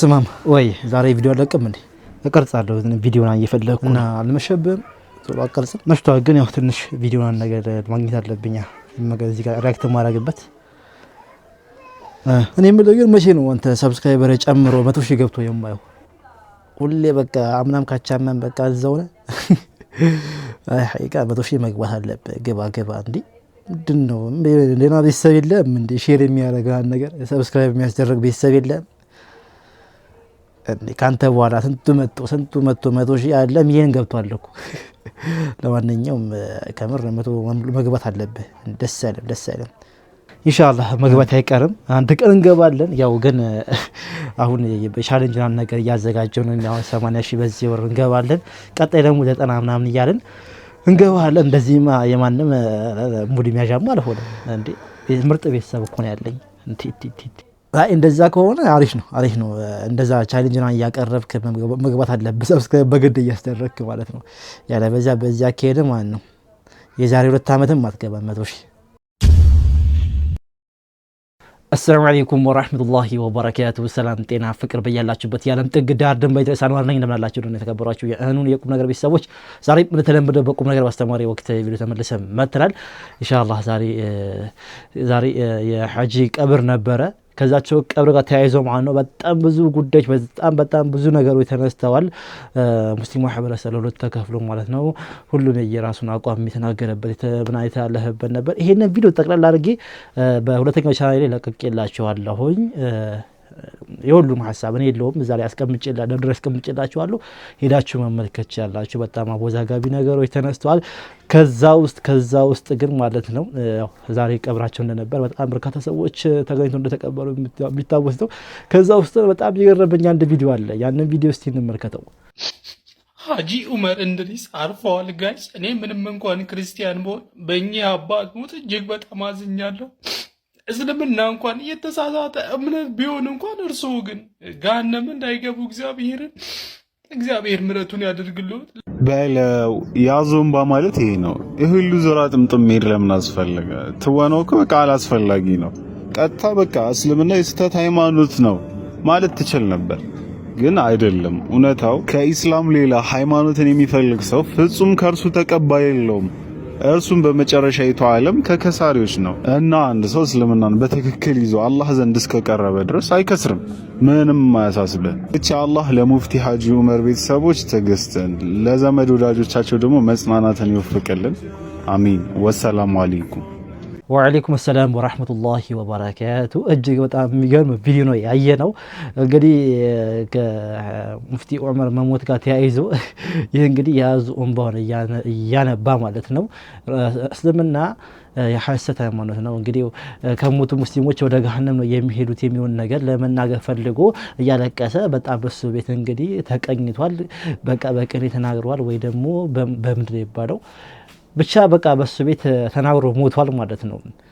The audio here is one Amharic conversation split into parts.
ስማም ወይ ዛሬ ቪዲዮ አለቅም እንዴ? እቀርጻለሁ ቪዲዮን እየፈለኩ እና አልመሸብም። ቶሎ አቀርጽም መሽቷል፣ ግን ያው ትንሽ ቪዲዮና ነገር ማግኘት አለብኛ እዚህ ጋር ሪያክት ማድረግበት። እኔ የምለው ግን መቼ ነው አንተ ሰብስክራይበር ጨምሮ መቶ ሺህ ገብቶ የማየው? ሁሌ በቃ አምናም ካቻመን በቃ እዛው ነህ። አይ ሐቂቃ መቶ ሺህ መግባት አለብህ። ግባ ግባ እንዲህ ምንድን ነው ሌላ ቤተሰብ የለም እንዴ? ሼር የሚያደርግ ነገር ሰብስክራይብ የሚያስደርግ ቤተሰብ የለም ከአንተ በኋላ ስንቱ መቶ ስንቱ መቶ መቶ ሺህ አለም ይህን ገብቷል እኮ። ለማንኛውም ከምር መቶ መግባት አለብህ። ደስ አይልም፣ ደስ አይልም። ኢንሻላህ መግባት አይቀርም። አንድ ቀን እንገባለን። ያው ግን አሁን ቻሌንጅ ነገር እያዘጋጀው ነው። ሰማንያ ሺህ በዚህ ወር እንገባለን። ቀጣይ ደግሞ ዘጠና ምናምን እያለን እንገባለን። እንደዚህማ የማንም ሙድ ሚያዣማ አልሆነ። ምርጥ ቤተሰብ እኮ ነው ያለኝ። እንደዛ ከሆነ አሪፍ ነው አሪፍ ነው። እንደዛ ቻሌንጅና እያቀረብክ መግባት አለብህ፣ ሰብስክራይብ በግድ እያስደረግክ ማለት ነው። ያለ በዚያ በዚያ ከሄደ ማለት ነው የዛሬ ሁለት ዓመትም አትገባ መቶ ሺህ አሰላሙ አለይኩም ወራህመቱላሂ ወበረካቱ። ሰላም ጤና ፍቅር በያላችሁበት የዓለም ጥግ ዳር ድንበር ኢድሪስ አንዋር ነኝ። እንደምናላችሁ ደህና የተከበራችሁ የእህኑን የቁም ነገር ቤተሰቦች፣ ዛሬ እንደተለመደው በቁም ነገር በአስተማሪ ወቅት ቪዲዮ ተመልሰ መጥተናል። ኢንሻአላህ ዛሬ የሐጂ ቀብር ነበረ። ከዛቸው ቀብር ጋር ተያይዘው ማለት ነው በጣም ብዙ ጉዳዮች በጣም በጣም ብዙ ነገሮች ተነስተዋል። ሙስሊም ማህበረሰብ ለሁለት ተከፍሎ ማለት ነው ሁሉም የራሱን አቋም የተናገረበት ምና የተላለፈበት ነበር። ይሄንን ቪዲዮ ጠቅላላ አድርጌ በሁለተኛው ቻናል ላይ ለቀቄላቸዋለሁኝ። የሁሉም ሀሳብ እኔ የለውም እዛ ላይ አስቀምጬላ ደብድረ አስቀምጬላችኋለሁ ሄዳችሁ መመልከት ያላችሁ። በጣም አወዛጋቢ ነገሮች ተነስተዋል። ከዛ ውስጥ ከዛ ውስጥ ግን ማለት ነው ዛሬ ቀብራቸው እንደነበር በጣም በርካታ ሰዎች ተገኝቶ እንደተቀበሩ የሚታወስ ነው። ከዛ ውስጥ በጣም የገረመኝ አንድ ቪዲዮ አለ። ያንን ቪዲዮ እስቲ እንመልከተው። ሀጂ ኡመር እንድሪስ አርፈዋል ጋይስ። እኔ ምንም እንኳን ክርስቲያን ብሆን በእኚህ አባት ሞት እጅግ በጣም አዝኛለሁ። እስልምና እንኳን የተሳሳተ እምነት ቢሆን እንኳን እርስዎ ግን ጋነም እንዳይገቡ እግዚአብሔርን እግዚአብሔር ምረቱን ያደርግልዎት በለው። ያዞንባ ማለት ይሄ ነው። ይህ ሁሉ ዞራ ጥምጥም ለምን አስፈለገ? ትወነው እኮ በቃ አላስፈላጊ ነው። ቀጥታ በቃ እስልምና የስህተት ሃይማኖት ነው ማለት ትችል ነበር፣ ግን አይደለም። እውነታው ከኢስላም ሌላ ሃይማኖትን የሚፈልግ ሰው ፍጹም ከእርሱ ተቀባይ የለውም። እርሱም በመጨረሻይቱ ዓለም ከከሳሪዎች ነው እና አንድ ሰው እስልምናን በትክክል ይዞ አላህ ዘንድ እስከቀረበ ድረስ አይከስርም። ምንም አያሳስብን። እቺ አላህ ለሙፍቲ ሀጂ ዑመር ቤተሰቦች ትዕግስትን፣ ለዘመድ ወዳጆቻቸው ደግሞ መጽናናትን ይወፍቅልን። አሚን። ወሰላሙ አለይኩም ወአለይኩም ሰላም ወራህመቱላሂ ወበረካቱ። እጅግ በጣም የሚገርም ቪዲዮ ነው ያየ ነው። እንግዲህ ከሙፍቲ ዑመር መሞት ጋር ተያይዞ ይህ እንግዲህ የያዙ እንባውን እያነባ ማለት ነው። እስልምና የሐሰት ሃይማኖት ነው። እንግዲህ ከሞቱ ሙስሊሞች ወደ ገሃነም ነው የሚሄዱት የሚሆን ነገር ለመናገር ፈልጎ እያለቀሰ በጣም በሱ ቤት እንግዲህ ተቀኝቷል። በቃ በቅኔ ተናግረዋል ወይ ደግሞ በምንድን ነው ብቻ በቃ በሱ ቤት ተናግሮ ሞቷል ማለት ነው።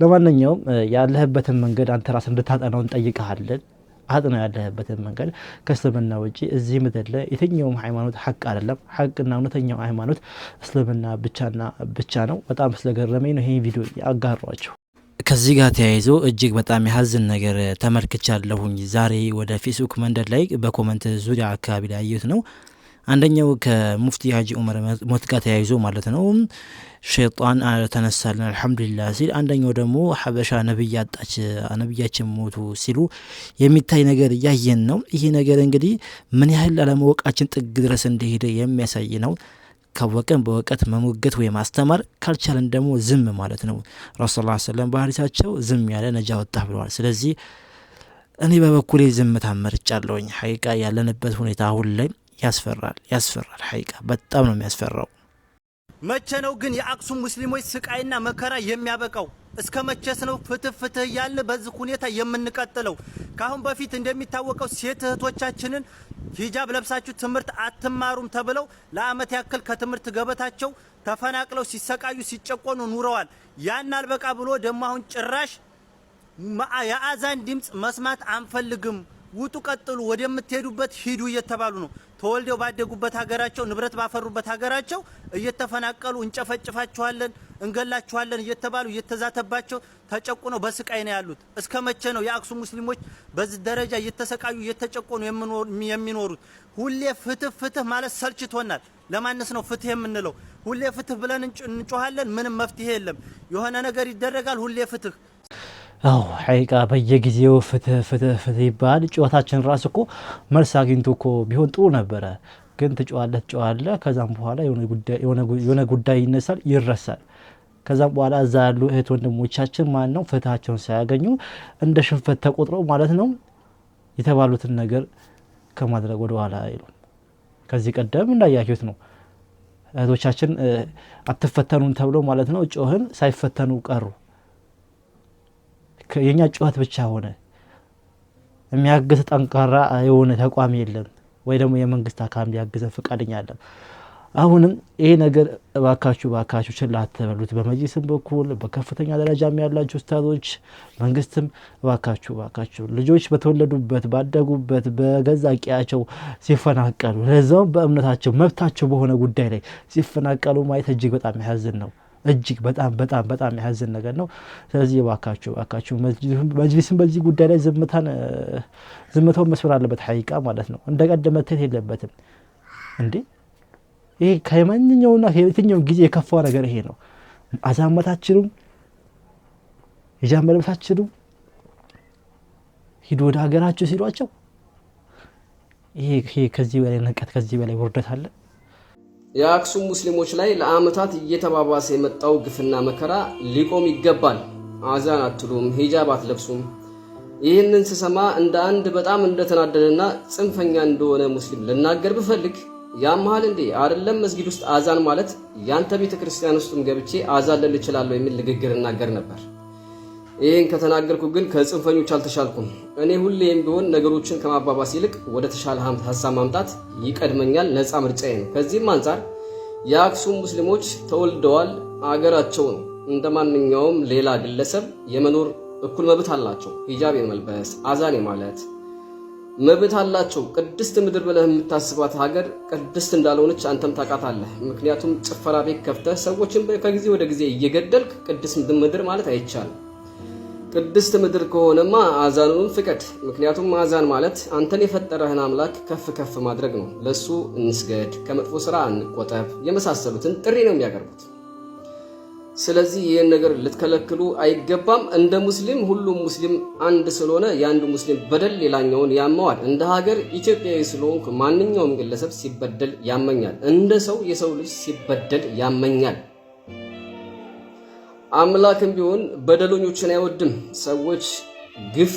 ለማንኛውም ያለህበትን መንገድ አንተ ራስ እንድታጠናው እንጠይቀሃለን። አጥና ያለህበትን መንገድ ከእስልምና ውጪ እዚህ ምድር ላይ የትኛውም ሃይማኖት ሀቅ አይደለም። ሀቅና እውነተኛው ሃይማኖት እስልምና ብቻና ብቻ ነው። በጣም ስለገረመኝ ነው ይሄ ቪዲዮ አጋሯቸው። ከዚህ ጋር ተያይዞ እጅግ በጣም የሀዘን ነገር ተመልክቻለሁኝ ዛሬ ወደ ፌስቡክ መንደድ ላይ በኮመንት ዙሪያ አካባቢ ላይ ያየሁት ነው። አንደኛው ከሙፍቲ ሀጂ ዑመር ሞት ጋር ተያይዞ ማለት ነው። ሸይጣን ተነሳልን አልሐምዱሊላህ ሲል፣ አንደኛው ደግሞ ሀበሻ ነብይ አጣች ነብያችን ሞቱ ሲሉ የሚታይ ነገር እያየን ነው። ይህ ነገር እንግዲህ ምን ያህል አለማወቃችን ጥግ ድረስ እንደሄደ የሚያሳይ ነው። ካወቀን በእውቀት መሞገት ወይ ማስተማር ካልቻለን ደግሞ ዝም ማለት ነው። ረሱ ላ ሰለም ባህሪሳቸው ዝም ያለ ነጃ ወጣ ብለዋል። ስለዚህ እኔ በበኩሌ ዝምታ መርጫለሁኝ። ሀቂቃ ያለንበት ሁኔታ አሁን ላይ ያስፈራል፣ ያስፈራል። ሀይቃ በጣም ነው የሚያስፈራው። መቼ ነው ግን የአክሱም ሙስሊሞች ስቃይና መከራ የሚያበቃው? እስከ መቼስ ነው ፍትህ ፍትህ እያልን በዚህ ሁኔታ የምንቀጥለው? ካሁን በፊት እንደሚታወቀው ሴት እህቶቻችንን ሂጃብ ለብሳችሁ ትምህርት አትማሩም ተብለው ለአመት ያክል ከትምህርት ገበታቸው ተፈናቅለው ሲሰቃዩ ሲጨቆኑ ኑረዋል። ያን አልበቃ ብሎ ደግሞ አሁን ጭራሽ የአዛን ድምፅ መስማት አንፈልግም ውጡ፣ ቀጥሉ፣ ወደምትሄዱበት ሂዱ እየተባሉ ነው። ተወልደው ባደጉበት ሀገራቸው ንብረት ባፈሩበት ሀገራቸው እየተፈናቀሉ እንጨፈጭፋችኋለን፣ እንገላችኋለን እየተባሉ እየተዛተባቸው ተጨቁነው በስቃይ ነው ያሉት። እስከ መቼ ነው የአክሱም ሙስሊሞች በዚህ ደረጃ እየተሰቃዩ እየተጨቆኑ የሚኖሩት? ሁሌ ፍትህ ፍትህ ማለት ሰልችቶናል። ለማንስ ነው ፍትህ የምንለው? ሁሌ ፍትህ ብለን እንጮሃለን። ምንም መፍትሄ የለም። የሆነ ነገር ይደረጋል። ሁሌ ፍትህ አዎ ሐቂቃ በየጊዜው ፍትህ ፍትህ ፍትህ ይባል። ጨዋታችን ራስ እኮ መልስ አግኝቶ እኮ ቢሆን ጥሩ ነበረ። ግን ትጨዋለህ ትጨዋለህ፣ ከዛም በኋላ የሆነ ጉዳይ ይነሳል፣ ይረሳል። ከዛም በኋላ እዛ ያሉ እህት ወንድሞቻችን ማለት ነው ፍትሃቸውን ሳያገኙ እንደ ሽንፈት ተቆጥረው ማለት ነው የተባሉትን ነገር ከማድረግ ወደ ኋላ ከዚህ ቀደም እንዳያችሁት ነው እህቶቻችን አትፈተኑን ተብሎ ማለት ነው ጮህን፣ ሳይፈተኑ ቀሩ። የእኛ ጩኸት ብቻ ሆነ። የሚያግዝ ጠንካራ የሆነ ተቋም የለም፣ ወይ ደግሞ የመንግስት አካል እንዲያግዘን ፍቃደኛ አለም። አሁንም ይሄ ነገር እባካችሁ እባካችሁ ችላ አትበሉት። በመጅሊስም በኩል በከፍተኛ ደረጃም ያላችሁ ኡስታዞች፣ መንግስትም እባካችሁ እባካችሁ ልጆች በተወለዱበት ባደጉበት በገዛ ቂያቸው ሲፈናቀሉ ለዛውም በእምነታቸው መብታቸው በሆነ ጉዳይ ላይ ሲፈናቀሉ ማየት እጅግ በጣም ያዝን ነው። እጅግ በጣም በጣም በጣም ያሳዝን ነገር ነው። ስለዚህ እባካችሁ እባካችሁ መጅሊስም በዚህ ጉዳይ ላይ ዝምታን ዝምታውን መስበር አለበት ሀቂቃ ማለት ነው። እንደ ቀደም መታየት የለበትም እንዴ ይሄ ከማንኛውና ከየትኛውም ጊዜ የከፋ ነገር ይሄ ነው። አዛመታችንም የጃመለብሳችንም ሂዱ ወደ ሀገራችሁ ሲሏቸው ይሄ ከዚህ በላይ ንቀት ከዚህ በላይ ውርደት አለ። የአክሱም ሙስሊሞች ላይ ለአመታት እየተባባሰ የመጣው ግፍና መከራ ሊቆም ይገባል። አዛን አትሉም፣ ሂጃብ አትለብሱም። ይህንን ስሰማ እንደ አንድ በጣም እንደተናደደና ጽንፈኛ እንደሆነ ሙስሊም ልናገር ብፈልግ ያመሃል እንዴ? አይደለም መስጊድ ውስጥ አዛን ማለት ያንተ ቤተ ክርስቲያን ውስጥም ገብቼ አዛን ልል እችላለሁ የሚል ንግግር እናገር ነበር። ይህን ከተናገርኩ ግን ከጽንፈኞች አልተሻልኩም። እኔ ሁሌም ቢሆን ነገሮችን ከማባባስ ይልቅ ወደ ተሻለ ሀሳብ ማምጣት ይቀድመኛል፣ ነፃ ምርጫዬ ነው። ከዚህም አንጻር የአክሱም ሙስሊሞች ተወልደዋል፣ አገራቸው ነው። እንደ ማንኛውም ሌላ ግለሰብ የመኖር እኩል መብት አላቸው። ሂጃብ የመልበስ አዛን ማለት መብት አላቸው። ቅድስት ምድር ብለህ የምታስባት ሀገር ቅድስት እንዳልሆነች አንተም ታውቃታለህ። ምክንያቱም ጭፈራ ቤት ከፍተህ ሰዎችን ከጊዜ ወደ ጊዜ እየገደልክ ቅድስት ምድር ማለት አይቻልም። ቅድስት ምድር ከሆነማ አዛኑን ፍቀድ። ምክንያቱም አዛን ማለት አንተን የፈጠረህን አምላክ ከፍ ከፍ ማድረግ ነው። ለእሱ እንስገድ፣ ከመጥፎ ስራ እንቆጠብ፣ የመሳሰሉትን ጥሪ ነው የሚያቀርቡት። ስለዚህ ይህን ነገር ልትከለክሉ አይገባም። እንደ ሙስሊም ሁሉም ሙስሊም አንድ ስለሆነ የአንዱ ሙስሊም በደል ሌላኛውን ያመዋል። እንደ ሀገር ኢትዮጵያዊ ስለሆንኩ ማንኛውም ግለሰብ ሲበደል ያመኛል። እንደ ሰው የሰው ልጅ ሲበደል ያመኛል። አምላክም ቢሆን በደለኞችን አይወድም። ሰዎች ግፍ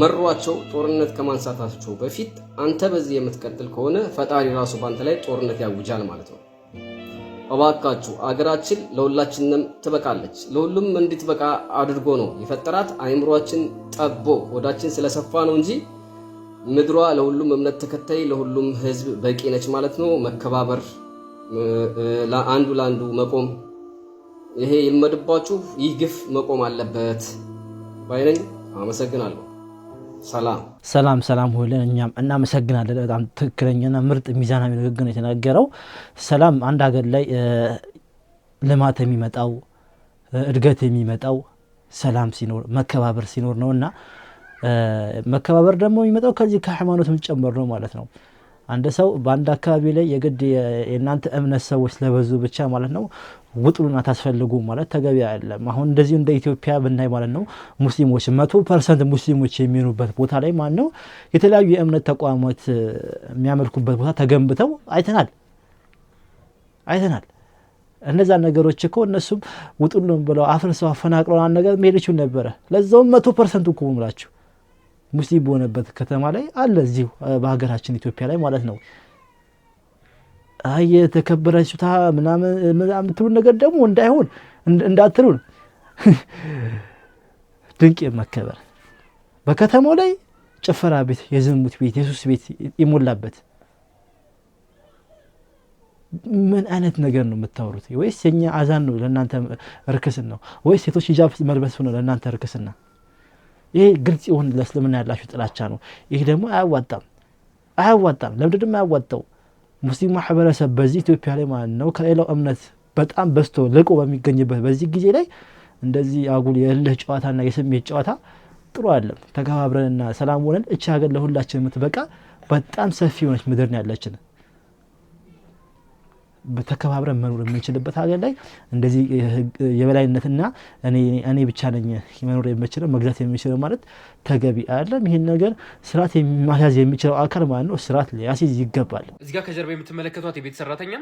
መሯቸው ጦርነት ከማንሳታቸው በፊት አንተ በዚህ የምትቀጥል ከሆነ ፈጣሪ ራሱ በአንተ ላይ ጦርነት ያውጃል ማለት ነው። እባካችሁ አገራችን ለሁላችንም ትበቃለች። ለሁሉም እንድትበቃ አድርጎ ነው የፈጠራት። አይምሯችን ጠቦ ወዳችን ስለሰፋ ነው እንጂ ምድሯ ለሁሉም እምነት ተከታይ ለሁሉም ሕዝብ በቂ ነች ማለት ነው። መከባበር፣ አንዱ ለአንዱ መቆም ይሄ ይልመድባችሁ። ይህ ግፍ መቆም አለበት ባይነኝ። አመሰግናለሁ። ሰላም ሰላም ሰላም ሁለን እኛም እናመሰግናለን። በጣም ትክክለኛና ምርጥ ሚዛናዊ ንግግር ነው የተናገረው። ሰላም አንድ ሀገር ላይ ልማት የሚመጣው እድገት የሚመጣው ሰላም ሲኖር መከባበር ሲኖር ነው እና መከባበር ደግሞ የሚመጣው ከዚህ ከሃይማኖትም ጨምር ነው ማለት ነው። አንድ ሰው በአንድ አካባቢ ላይ የግድ የእናንተ እምነት ሰዎች ስለበዙ ብቻ ማለት ነው ውጥሉና ታስፈልጉ ማለት ተገቢ አይደለም። አሁን እንደዚሁ እንደ ኢትዮጵያ ብናይ ማለት ነው ሙስሊሞች መቶ ፐርሰንት ሙስሊሞች የሚኖሩበት ቦታ ላይ ማለት ነው የተለያዩ የእምነት ተቋማት የሚያመልኩበት ቦታ ተገንብተው አይተናል አይተናል። እነዛ ነገሮች እኮ እነሱም ውጡሉን ብለው አፍን ሰው አፈናቅለውን ነገር መሄደችው ነበረ። ለዛውም መቶ ፐርሰንት እኮ ምላችሁ ሙስሊም በሆነበት ከተማ ላይ አለ እዚሁ በሀገራችን ኢትዮጵያ ላይ ማለት ነው። አይ የተከበረ ሱታ ምናምን የምትሉን ነገር ደግሞ እንዳይሆን እንዳትሉን፣ ድንቅ መከበር በከተማው ላይ ጭፈራ ቤት፣ የዝሙት ቤት፣ የሱስ ቤት የሞላበት ምን አይነት ነገር ነው የምታወሩት? ወይስ የኛ አዛን ነው ለእናንተ ርክስን ነው? ወይስ ሴቶች ሂጃብ መልበስ ነው ለእናንተ እርክስና? ይሄ ግልጽ የሆን ለእስልምና ያላችሁ ጥላቻ ነው። ይህ ደግሞ አያዋጣም አያዋጣም። ለምድድም አያዋጣው ሙስሊም ማህበረሰብ በዚህ ኢትዮጵያ ላይ ማለት ነው ከሌላው እምነት በጣም በዝቶ ልቆ በሚገኝበት በዚህ ጊዜ ላይ እንደዚህ አጉል የእልህ ጨዋታና የስሜት ጨዋታ ጥሩ አለም። ተከባብረንና ሰላም ሆነን እቺ ሀገር ለሁላችን የምትበቃ በጣም ሰፊ የሆነች ምድር ነው ያለችን። ተከባብረን መኖር የምንችልበት ሀገር ላይ እንደዚህ የበላይነትና እኔ ብቻ ነኝ መኖር የምችለው መግዛት የሚችለው ማለት ተገቢ አይደለም። ይህን ነገር ስርዓት ማስያዝ የሚችለው አካል ማለት ነው ስርዓት ሊያስይዝ ይገባል። እዚህ ጋር ከጀርባ የምትመለከቷት የቤት ሰራተኛ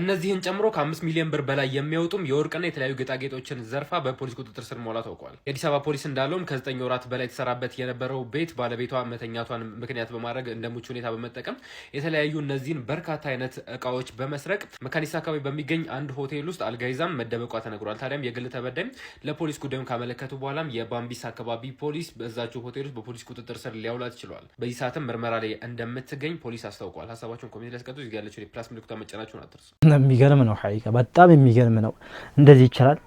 እነዚህን ጨምሮ ከአምስት ሚሊዮን ብር በላይ የሚያወጡም የወርቅና የተለያዩ ጌጣጌጦችን ዘርፋ በፖሊስ ቁጥጥር ስር መዋላ ታውቋል። የአዲስ አበባ ፖሊስ እንዳለውም ከዘጠኝ ወራት በላይ የተሰራበት የነበረው ቤት ባለቤቷ መተኛቷን ምክንያት በማድረግ እንደ ምቹ ሁኔታ በመጠቀም የተለያዩ እነዚህን በርካታ አይነት እቃዎች በመስረቅ መካኒሳ አካባቢ በሚገኝ አንድ ሆቴል ውስጥ አልጋ ይዛም መደበቋ ተነግሯል። ታዲያም የግል ተበዳይም ለፖሊስ ጉዳዩን ካመለከቱ በኋላም የባምቢስ አካባቢ ፖሊስ በዛችው ያላቸው ሆቴሎች በፖሊስ ቁጥጥር ስር ሊያውላት ችሏል። በዚህ ሰዓትም ምርመራ ላይ እንደምትገኝ ፖሊስ አስታውቋል። ሀሳባቸውን ኮሚቴ ሊያስቀጡ እዚህ ያለችው የፕላስ ምልክቷ መጫናቸውን አትርሱ። የሚገርም ነው ሀቂቃ በጣም የሚገርም ነው። እንደዚህ ይቻላል፣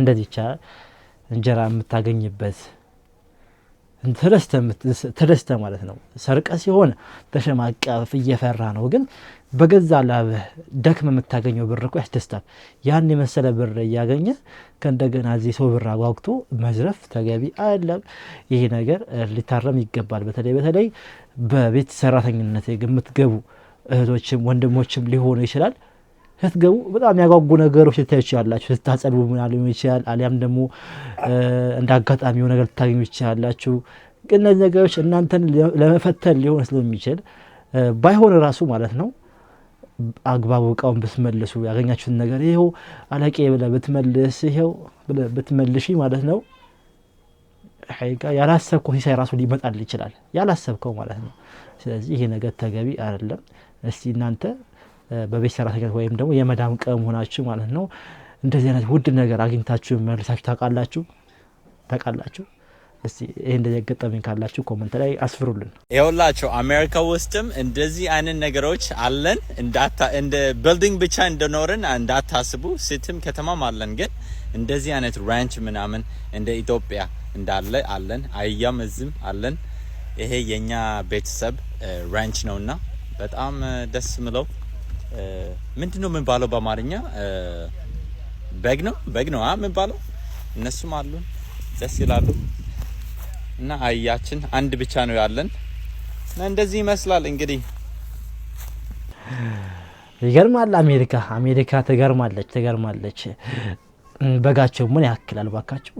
እንደዚህ ይቻላል እንጀራ የምታገኝበት ተደስተ ማለት ነው። ሰርቀ ሲሆን ተሸማቀፍ እየፈራ ነው። ግን በገዛ ላብህ ደክመ የምታገኘው ብር እኮ ያስደስታል። ያን የመሰለ ብር እያገኘ ከእንደገና እዚህ ሰው ብር አጓጉቶ መዝረፍ ተገቢ አይደለም። ይሄ ነገር ሊታረም ይገባል። በተለይ በተለይ በቤት ሰራተኝነት የምትገቡ እህቶችም ወንድሞችም ሊሆኑ ይችላል ስትገቡ በጣም ያጓጉ ነገሮች ልታዩች ያላችሁ ስታጸልቡ ሊሆን ይችላል። አሊያም ደግሞ እንደ አጋጣሚ ነገር ልታገኙ ይችላላችሁ። ግን እነዚህ ነገሮች እናንተን ለመፈተን ሊሆን ስለሚችል ባይሆን ራሱ ማለት ነው አግባቡ እቃውን ብትመልሱ ያገኛችሁትን ነገር ይኸው አለቄ ብለ ብትመልስ ይኸው ብለ ብትመልሽ ማለት ነው ሐቂቃ ያላሰብከው ሲሳይ ራሱ ሊመጣል ይችላል። ያላሰብከው ማለት ነው። ስለዚህ ይሄ ነገር ተገቢ አይደለም። እስቲ እናንተ በቤት ሰራተኛ ወይም ደግሞ የመዳም ቅመም ሆናችሁ ማለት ነው እንደዚህ አይነት ውድ ነገር አግኝታችሁ መልሳችሁ ታውቃላችሁ ታውቃላችሁ? እስቲ ይህ እንደዚህ ያጋጠመኝ ካላችሁ ኮመንት ላይ አስፍሩልን። ይኸውላቸው አሜሪካ ውስጥም እንደዚህ አይነት ነገሮች አለን። እንደ ቢልዲንግ ብቻ እንደኖርን እንዳታስቡ፣ ሲቲም ከተማም አለን። ግን እንደዚህ አይነት ራንች ምናምን እንደ ኢትዮጵያ እንዳለ አለን። አያም እዝም አለን። ይሄ የኛ ቤተሰብ ራንች ነውና በጣም ደስ ምለው ምንድን ነው የምንባለው በአማርኛ በግ ነው በግ ነው የምንባለው። እነሱም አሉን ደስ ይላሉ። እና አህያችን አንድ ብቻ ነው ያለን እና እንደዚህ ይመስላል እንግዲህ ይገርማል። አሜሪካ አሜሪካ ትገርማለች ትገርማለች። በጋቸው ምን ያክላል ባካቸው።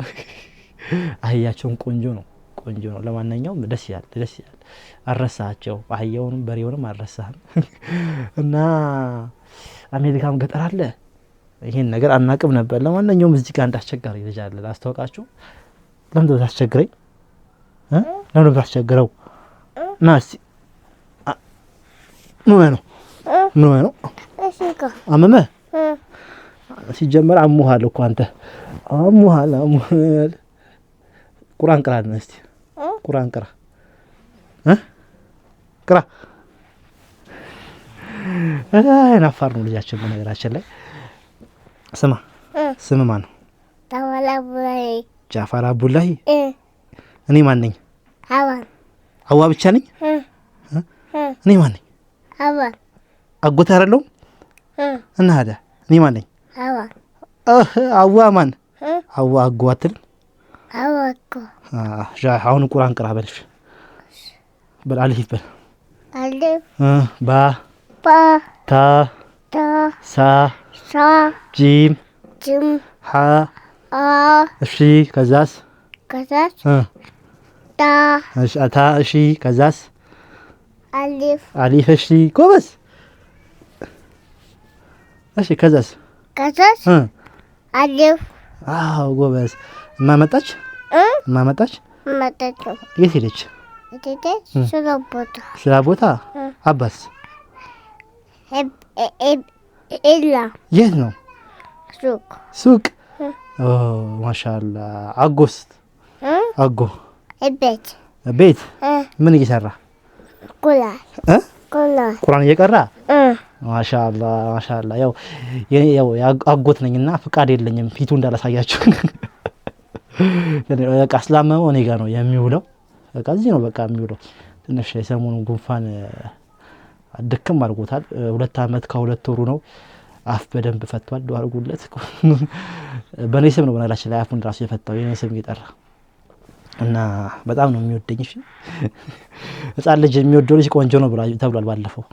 አህያቸውን ቆንጆ ነው። ቆንጆ ነው። ለማንኛውም ደስ ይላል፣ ደስ ይላል። አረሳቸው አህያውንም በሬውንም አረሳህም እና አሜሪካም ገጠር አለ። ይሄን ነገር አናቅም ነበር። ለማንኛውም እዚህ ጋር እንዳስቸጋሪ አስቸጋሪ ልጅ አለ ላስታውቃችሁ። ለምደ ታስቸግረኝ ለምደ ታስቸግረው ና እስቲ ምን ነው ምን ነው አመመ ሲጀመር አሙሃል እኮ አንተ አሙሃል አሙሃል ቁርአን ቅራል እስቲ ቁርአን ቅራ ቅራ። አይናፋር ነው ልጃችን። በነገራችን ላይ ስማ ስም ማን ነው? ጃፋር አቡላሂ። እኔ ማን ነኝ? አዋ ብቻ ነኝ። እኔ ማን ነኝ? አዋ አጎት አይደለሁም። እና ታዲያ እኔ ማን ነኝ? አዋ ማን አዋ አጎ አትልም አወኩ ሻ አሁን ቁርአን ቅራ በልሽ በል አልፍ በል አልፍ ባ ባ ታ ታ ሳ ሳ ጂም ጂም ሐ አ እሺ ከዛስ ከዛስ ታ እሺ አታ እሺ ከዛስ አሊፍ አሊፍ እሺ ጎበዝ እሺ ከዛስ ከዛስ አሊፍ አዎ ጎበዝ ማመጣች ማመጣች ማመጣች የት ሄደች? ስራ ቦታ ስራ ቦታ። አባስ ኤላ የት ነው? ሱቅ ሱቅ። ማሻላ አጎስ አጎ ቤት ቤት ምን እየሰራ ቁርአን እየቀራ ማሻላ ማሻላ። ያው ያው አጎት ነኝና ፍቃድ የለኝም ፊቱ እንዳላሳያችሁ በቃ ስላመመው እኔ ጋር ነው የሚውለው። በቃ እዚህ ነው በቃ የሚውለው። ትንሽ የሰሞኑ ጉንፋን ድክም አድርጎታል። ሁለት አመት ከሁለት ወሩ ነው። አፍ በደንብ ፈቷል። ዶ አድርጉለት። በእኔ ስም ነው በነገራችን ላይ አፉን ራሱ የፈታው የኔ ስም እየጠራ እና በጣም ነው የሚወደኝ። ህፃን ልጅ የሚወደው ልጅ ቆንጆ ነው ተብሏል ባለፈው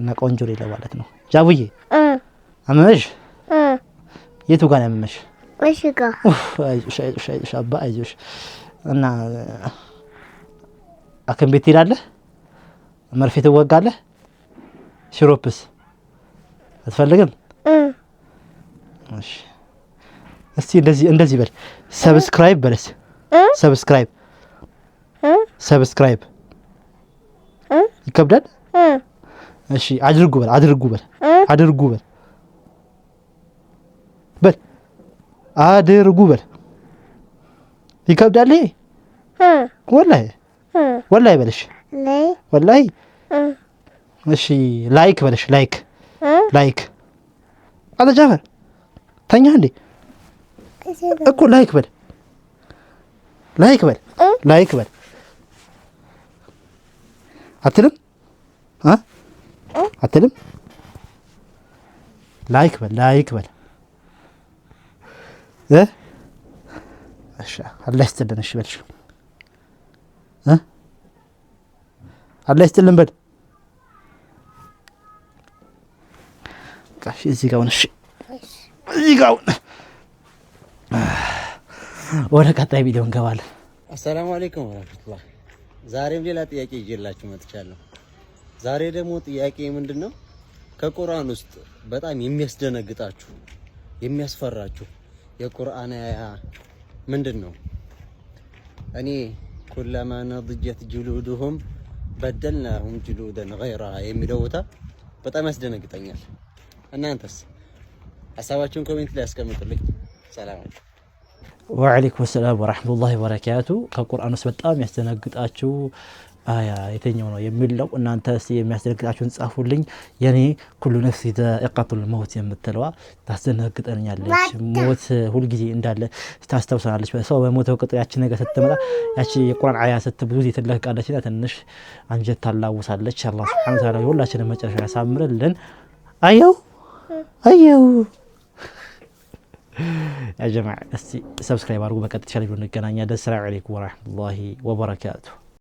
እና ቆንጆ ሌለ ማለት ነው። ጃቡዬ አመመሽ? የቱ ጋር ያመመሽ? አይዞሽ አይዞሽ አይዞሽ እና ሐኪም ቤት ትሄዳለህ? መርፌ ትወጋለህ? ሽሮፕስ አትፈልግም? እሺ እስቲ እንደዚህ እንደዚህ በል። ሰብስክራይብ በለስ። ሰብስክራይብ ሰብስክራይብ ይከብዳል። እሺ አድርጉ በል። አድርጉ በል። አድርጉ በል በል አድርጉ በል። ይከብዳል ይሄ ወላሂ ወላሂ በለሽ ወላሂ። እሺ ላይክ በልሽ ላይክ ላይክ። አለ ጃፈር ተኛ እንዴ እኮ ላይክ በል ላይክ በል ላይክ በል አትልም አትልም። ላይክ በል ላይክ በል አላህ ይስጥልን። እሺ አላህ ይስጥልን በል እዚህ ጋውን እሺ እዚህ ጋውን ወደ ቀጣይ ቪዲዮ እንገባለን። አሰላሙ አለይኩም ወራህመቱላህ። ዛሬም ሌላ ጥያቄ ይዤላችሁ መጥቻለሁ። ዛሬ ደግሞ ጥያቄ ምንድን ነው? ከቁርአን ውስጥ በጣም የሚያስደነግጣችሁ የሚያስፈራችሁ የቁርአን አያ ምንድን ነው? እኔ ኩለማ ነድጀት ጅሉድሁም በደልናሁም ጅሉደን ገይራ የሚለው ቦታ በጣም ያስደነግጠኛል። እናንተስ ሀሳባችሁን ኮሜንት ላይ ያስቀምጡልኝ። ሰላም ወአለይኩም ሰላም ወራህመቱላሂ ወበረካቱ። ከቁርአን ውስጥ በጣም ያስደነግጣችሁ የተኛው ነው የሚለው እናንተ እስቲ የሚያስደነግጣችሁን ጻፉልኝ። የኔ ኩሉ ነፍስ ዛኢቀቱል መውት የምትለዋ ታስደነግጠኛለች። ሞት ሁልጊዜ እንዳለ ታስታውሰናለች። ሰው በሞተው ቁጥር ያቺ ነገር ስትመጣ ያቺ የቁርአን አያ ስት ብዙ ጊዜ ትለቃለች ና ትንሽ አንጀት ታላውሳለች። አላህ ሱብሓነሁ ወተዓላ የሁላችንን መጨረሻ ያሳምርልን። አየው አየው ያ ጀማዓ እስቲ ሰብስክራይብ አድርጉ። በቀጥታ ቻናሉ እንገናኛለን። ሰላም አለይኩም ወራህመቱላሂ ወበረካቱ